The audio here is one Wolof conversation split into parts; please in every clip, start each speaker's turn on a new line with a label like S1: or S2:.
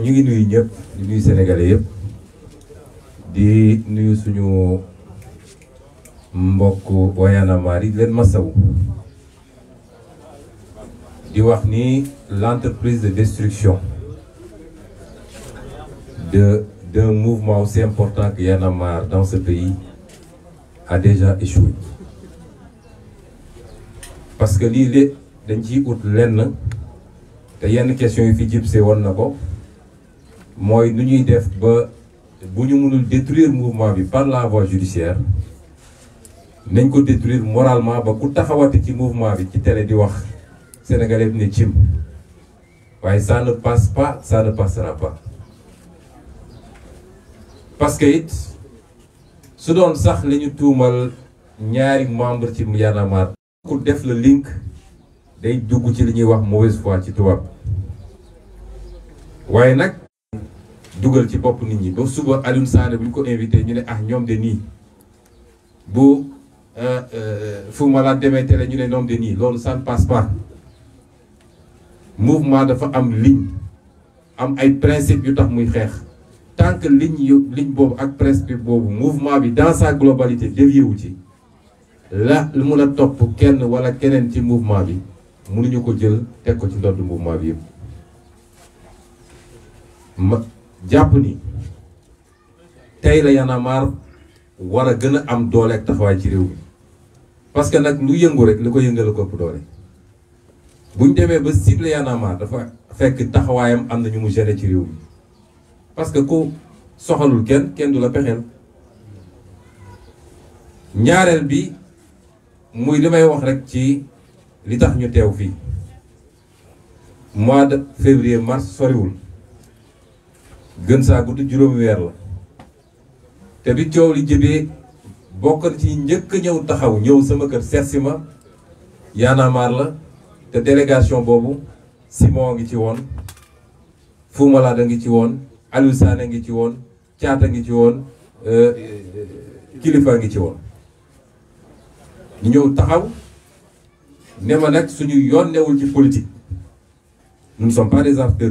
S1: Nous sommes nuyu ñëpp di sénégalais yëpp di nuyu suñu mbokk wayanamaar leen di wax ni l'entreprise de destruction de d'un mouvement aussi important que Y'en a dans ce pays a déjà échoué parce que lii lé dañ ciy ut lenn te yenn question yi fi jibse woon moi nous ñuy def ba bu mënul détruire mouvement bi par la voie judiciaire nañ ko détruire moralement ba ku taxawati ci mouvement bi ci télé di wax sénégalais bi ne cim ça ne passe pas ça ne passera pas parce que it su doon sax liñu ñu ñaari membre ci Y en a ku def le link day dugg ci liñuy wax mauvaise foi ci tubaab waye nak dugal ci bopp nit ñi ba suba Alioune Sané bu ñu ko invité ñu ne ah ñoom de nii bu euh, euh, fu ma la demee télé ñu ne ñoom de nii loolu ça ne passe mouvement dafa am ligne am ay principe yu tax muy xeex tant que ligne yu ligne boobu ak principe boobu mouvement bi dans sa globalité dévié wu ci la lu mun a topp kenn wala keneen ci mouvement bi mënuñu ko jël teg ko ci ndodd mouvement bi yëpp. jàpp ni tey la Y'en a marre war a gën a am doole ak taxawaay ci réew mi parce que nag lu yëngu rek li ko yëngal ko ëpp doole buñ demee ba cible Y'en a dafa fekk taxawaayam am na ñu mu gérer ci réew mi parce que ku soxalul kenn kenn du la pexeel ñaareel bi muy li may wax rek ci li tax ñu teew fii mois de février mars soriwul gën saa gudd juróomi weer la te bi coow li jëbee bokk na ci njëkk a ñëw taxaw ñëw sama kër seet si ma yaanaamaar la te délégation boobu Simon ngi ci woon Fou Malade ngi ci woon Aliou a ngi ci woon a ngi ci woon euh, kilifa ngi ci woon ñu ñëw taxaw ne ma nag suñu yoon newul ci politique nous ne sommes pas des acteurs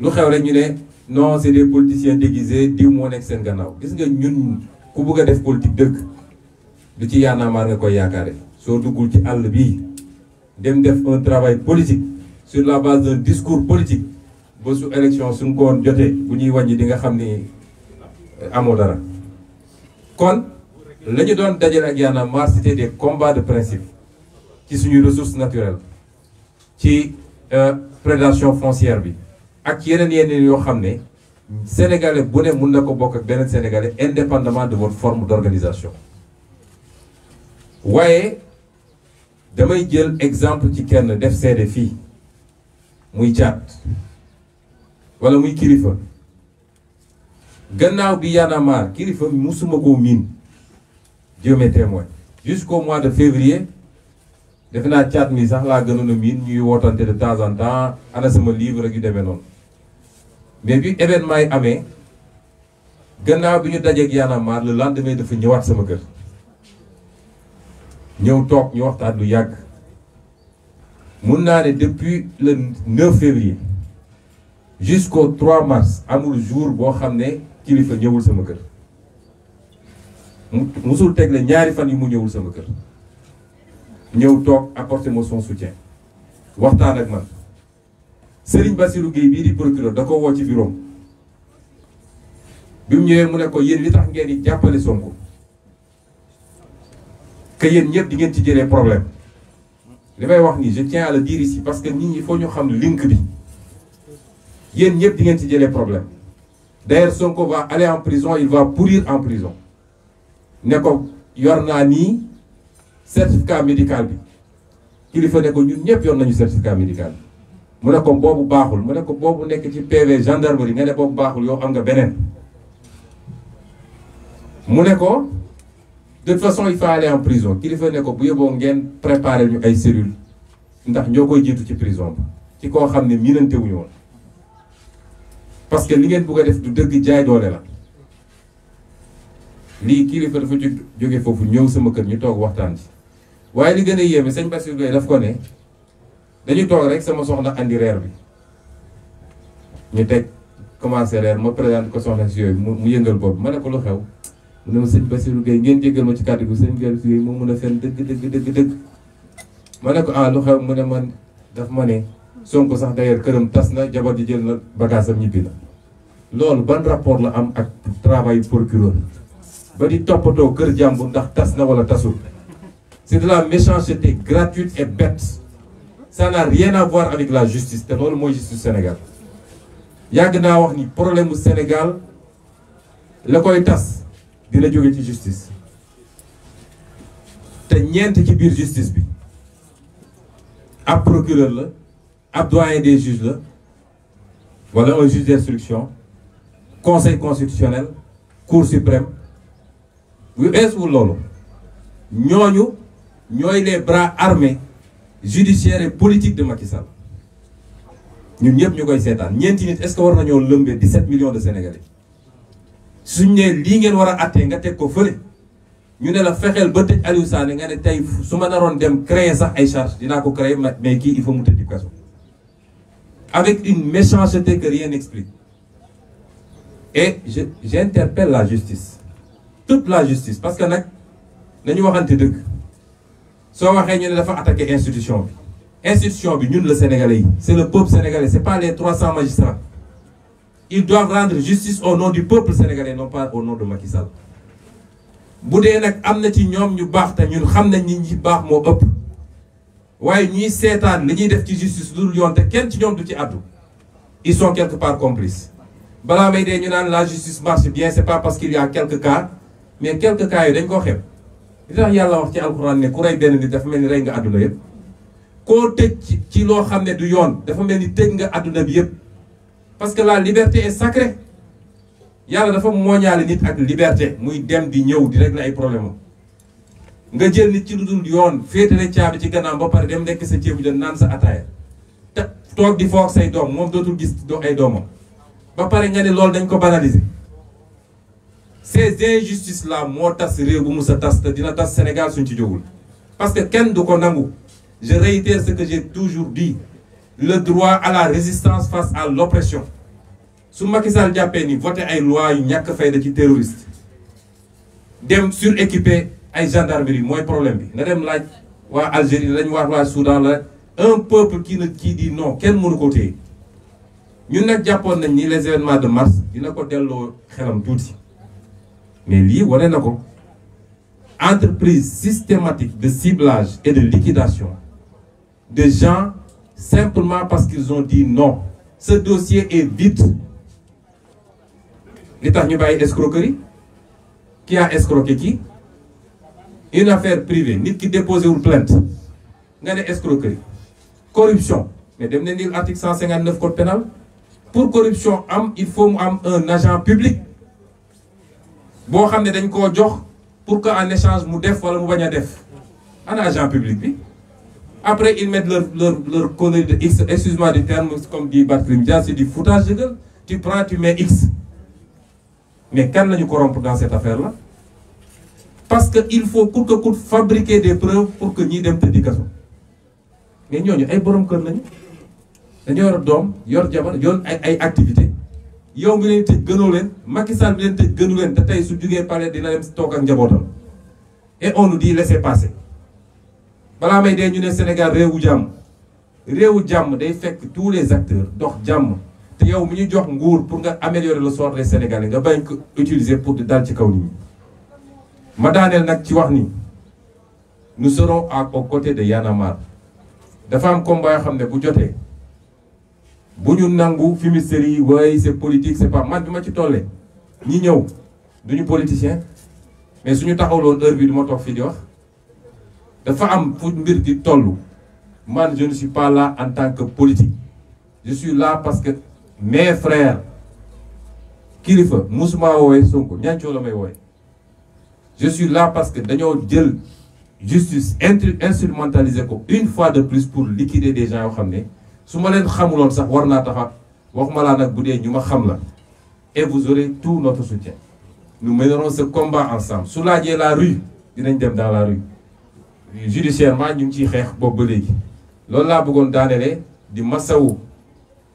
S1: lu xew rek ñu ne non c'est des politiciens déguisés diw moo nekk seen gannaaw gis nga ñun ku bëgg a def politique dëgg du ci yaanaamaar nga koy yaakaare soo duggul ci àll bii dem def un travail politique sur la base d'un discours politique ba su élection suñ ko woon jotee bu ñuy wàññi di nga xam ni euh, amoo dara kon la ñu doon dajale ak yaanaamaar c'était des combats de principe ci suñuy ressources naturelles ci euh, prédation foncière bi ak yeneen yeneen yoo xam ne sénégalais bu ne mun na ko bokk ak beneen sénégalais indépendamment de votre forme d'organisation waaye damay jël exemple ci kenn def seede fii muy caat wala muy kilifa gannaaw bi Y'en a marre kilifa musuma koo miin Dieu m'est témoin jusqu'au mois de février defe naa caat mi sax laa gënoon a miin ñuy wootante de temps en temps ana sama livre ak yu demee noonu mais vu événement yi gannaaw le lendemain dafa ñëwaat sama kër ñëw toog ñu waxtaan lu yàgg mun depuis le 9 février jusqu'au 3 mars à jour boo xam ne kilifa ñëwul sama Nous musul ñaari fan mu sama son soutien waxtaan Serigne Bassirou Gueye bi di procureur da ko ci bureau bi mu mu ne ko ngeen di Sonko que yeen ñëpp di ngeen ci je tiens à le dire ici parce que nit ñi faut xam link bi yeen di ngeen ci problème d'ailleurs Sonko va aller en prison il va pourrir en prison il y a certificat médical bi kilifa que ko ñun yor certificat médical mu ne ko bobu baxul mu ne ko bobu nek ci PV gendarmerie nga bobu baxul yo xam nga benen mu ne ko de toute façon il faut aller en prison kilifa ne ko bu yóbboo ngeen préparer ñu ay cellule ndax ñoo koy ci prison ba ci ko xam ne miinante wuñu won parce que li ngeen bëgg a def du deug jaay doole la li kilifa dafa jóge fofu ñew sama kër ñu tok waxtaan ci waye li gën yéme yéeme sëñ gay Gueye daf ko ne dañu toog rek sama soxna andi reer bi ñu teg commencé reer ma présente ko soxna si yooyu mu yëngal bopp ma ko lu xew mu ma sëñ Bassirou Gueye ngeen jéggal ma ci ko ah lu xew mu man daf ma ne Sonko sax d'ailleurs këram tas na jabar ji jël na bagage am ñibbi na ban rapport la am ak travail procureur ba di toppatoo kër jàmbur ndax tas na wala tasul c'est de la méchanceté gratuite et bête ça n'a rien à voir avec la justice que je mooy justice Sénégal Il y a un problème au Sénégal Le koy tas dina jóge ci justice te ñeent ci biir justice bi ab procureur la ab doyen des juges la wala un juge d'instruction conseil constitutionnel cour suprême bu eesuwul Nous, nous avons les bras armés judiciaire et politique de Macky Sall ñun sommes ñu koy seetaan est-ce que war nañoo 17 millions de sénégalais suñ nous lii ngeen war a àttee nga teg ko fële ñu ne la fexeel ba tëj Aliou Sané nga ne tey su ma naroon dem créer sax ay charge dinaa ko créer mais il faut mu des kaso avec une méchanceté que rien n'explique et j'interpelle la justice toute la justice parce que nag nañu waxante dëgg soo waxee ñu ne dafa l'institution. institution sénégalais c'est le peuple sénégalais n'est pas les 300 magistrats ils doivent rendre justice au nom du peuple sénégalais non pas au nom de Macky Sall nous avons des am na ci ñoom ñu nous avons ñun xam nañ ñi ñi baax ëpp def ci justice dul yoon te ils sont quelque part complices balaa may dee ñu la justice marche bien ce n'est pas parce qu'il y a quelques cas mais quelques cas sont dañ il y yàlla wax ci ne ku dafa mel ni nga àdduna yëpp koo tëj ci loo ne du yoon dafa mel nga parce que la liberté est sacrée yàlla dafa mooñaale nit ak liberté muy dem di ñëw di régler ay problème nga jël nit ci lu dul yoon féetale caabi ci gannaaw ba pare dem nekk sa ceebu jën naan sa ataaya te di foog say gis ay ba nga banaliser ces injustices là moo tas réew sa tas dina tas Sénégal suñ ci parce que quand du ko nangu je réitère ce que j'ai toujours dit le droit à la résistance face à l'oppression su Macky Sall jàppee ni voter ay loi yu fay fayda ci terroriste dem suréquipé ay gendarmerie moy problème bi na dem laaj wa Algérie lañ wax Soudan la un peuple qui ne qui dit non ken mënu ko té ñun nak jàppoon nañ ni les événements de mars dina ko dello xelam tuuti mais lié y a entreprise systématique de ciblage et de liquidation de gens simplement parce qu'ils ont dit non ce dossier est vide L'État ñu escroquerie qui a escroqué qui une affaire privée ni qui déposé une plainte a une escroquerie corruption mais vous l'article article 159 code pénal pour corruption il faut un agent public boo xam ne dañ koo jox pour que en échange mu def wala mu def agent public bi après ils mettent leur leur leur connerie de x excuse-moi du terme comme dit Barthélémy c'est du foutage de gueule tu prends tu mets x mais kan la ñu corrompre dans cette affaire là parce qu'il faut coûte que coûte fabriquer des preuves pour que nous ayons des prédications. mais nous, ay borom kër lañu dañoo yor doom yor des activités yow mi leen tëj gënoo leen Macky Sall mi leen tëj gënu leen te tey su jugee palais dina dem toog ak njabootam et on nous dit laissez passer balaa may dee ñu ne Sénégal réewu jàmm réewu jàmm day fekk tous les acteurs dox jàmm te yow mi ñu jox nguur pour nga améliorer le sort des Sénégalais nga bañ ko utiliser pour di dal ci kaw nit ñi ma daaneel nag ci wax ni nous serons à côté de Yanamar a marre dafa am combat yoo xam ne bu jotee. Bonjour nangu fumisterie yi waaye c'est politique c'est pas man bi ci tolle ñi ñëw duñu politicien mais suñu taxawloon heure bi du ma toog fii di wax dafa am fu mbir di toll man je ne suis pas là en tant que politique je suis là parce que mes frères kilifa mousma woowee Sonko ñancoo la je suis là parce que dañoo jël justice instrumentalisée ko une fois de plus pour liquider des gens qui ont su ma leen xamuloon sax war naa taxaw waxuma laa ma xam la et vous aurez tout notre soutien nous mènerons ce combat ensemble su la rue dinañ dem dans la rue judiciairement ñu ngi ciy xeex boobu ba léegi loolu laa bëggoon daanelee di masawu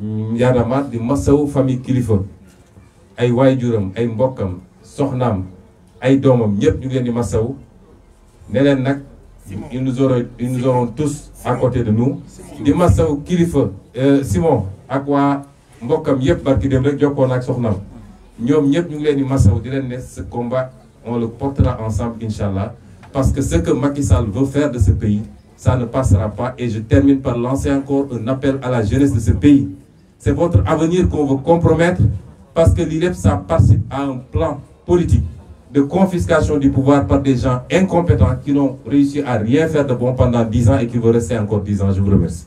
S1: njaadamaat mm, di famille kilifa ay waajuram ay mbokkam soxnaam ay Domam ñëpp ñu ngi di masawu ne ils nous auront, tous à côté de nous Simon ce combat on le portera ensemble Inshallah. parce que ce que Macky Sall veut faire de ce pays ça ne passera pas et je termine par lancer encore un appel à la jeunesse de ce pays c'est votre avenir qu'on veut compromettre parce que l'IREP ça participe à un plan politique de confiscation du pouvoir par des gens incompétents qui n'ont réussi à rien faire de bon pendant 10 ans et qui vont rester encore 10 ans. Je vous remercie.